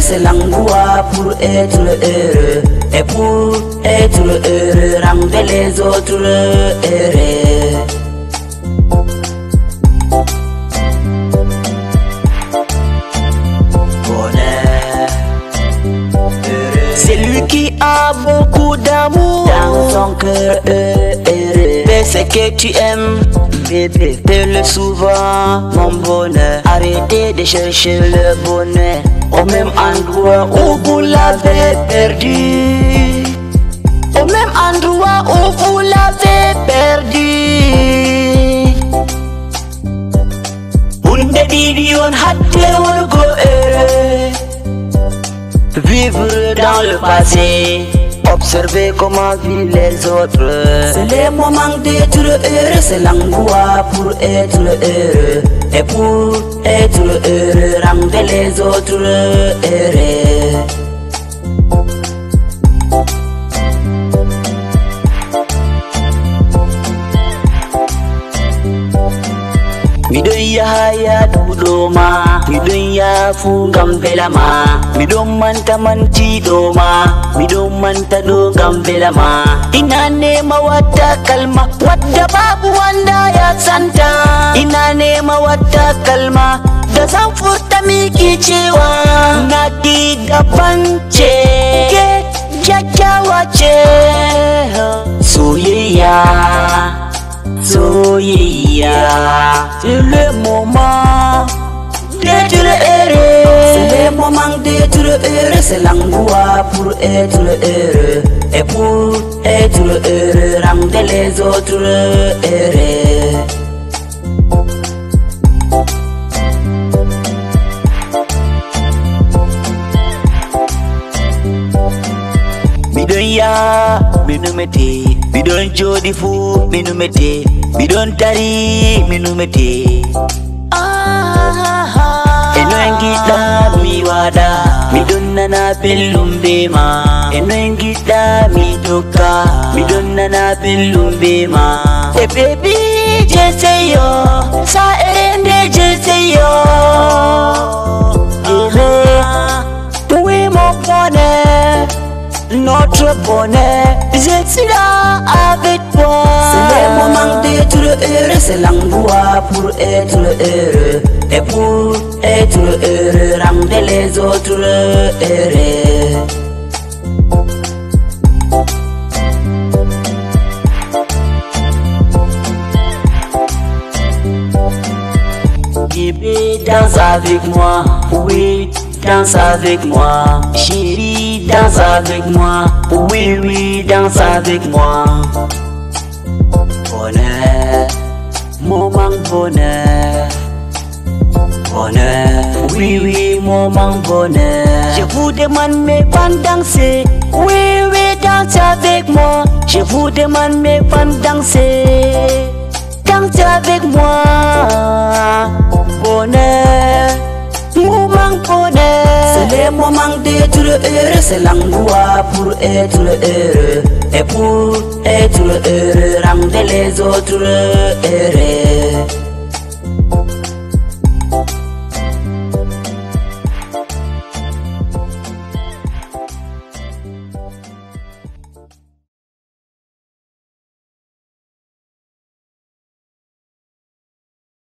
c'est l'angoisse pour être heureux et pour être heureux rendre les autres heureux. C'est lui qui a beaucoup d'amour dans son cœur heureux. Fais ce que tu aimes, bébé. Fais-le souvent, mon bonheur. Arrêtez de chercher le bonheur au même endroit où vous l'avez perdu. Au même endroit où vous l'avez perdu. Une didi on on go Vivre dans le passé. Observer comment vivent les autres. C'est les moments d'être heureux, c'est l'angoisse pour être heureux et pour être heureux, rendez les autres heureux. haya dudoma ya fu gam velama midon manta mantiɗoma midon manta do gam belama ina nema wata kalma wadda babu wanda ya santa ina nema wata kalma da zan furta miki cewa ki daban ce ke kyakkyawa ce soyayya Sile mo ma De tule ere Sile mo mang de tule ere Selangua pur e tule ere E pur e tule ere Bidon ya, minumete Bidon jodi minumete bidon tari minu mete eno engiɗɗa mi waɗa miɗon nana belɗum be ma eno engiɗɗa mi tokka miɗon nana belɗum be eh, e bebi je seyo sa'e nde je seyo ihe tuwimo pone notre bonheur je sera avec c'est l'angoisse pour être heureux. Et pour être heureux, ramener les autres heureux. Gibi, danse avec moi, oui, danse avec moi. Chérie, danse avec moi, oui, oui, danse avec moi. Bonheur. bonheur bonheur oui oui moment bonheur je vous demande mes fans danser oui oui danse avec moi je vous demande mes fans danser danse avec moi bonheur moment bonheur C'est les moments d'être heureux, c'est l'angoisse pour être heureux. Et pour être heureux, rendre les autres heureux.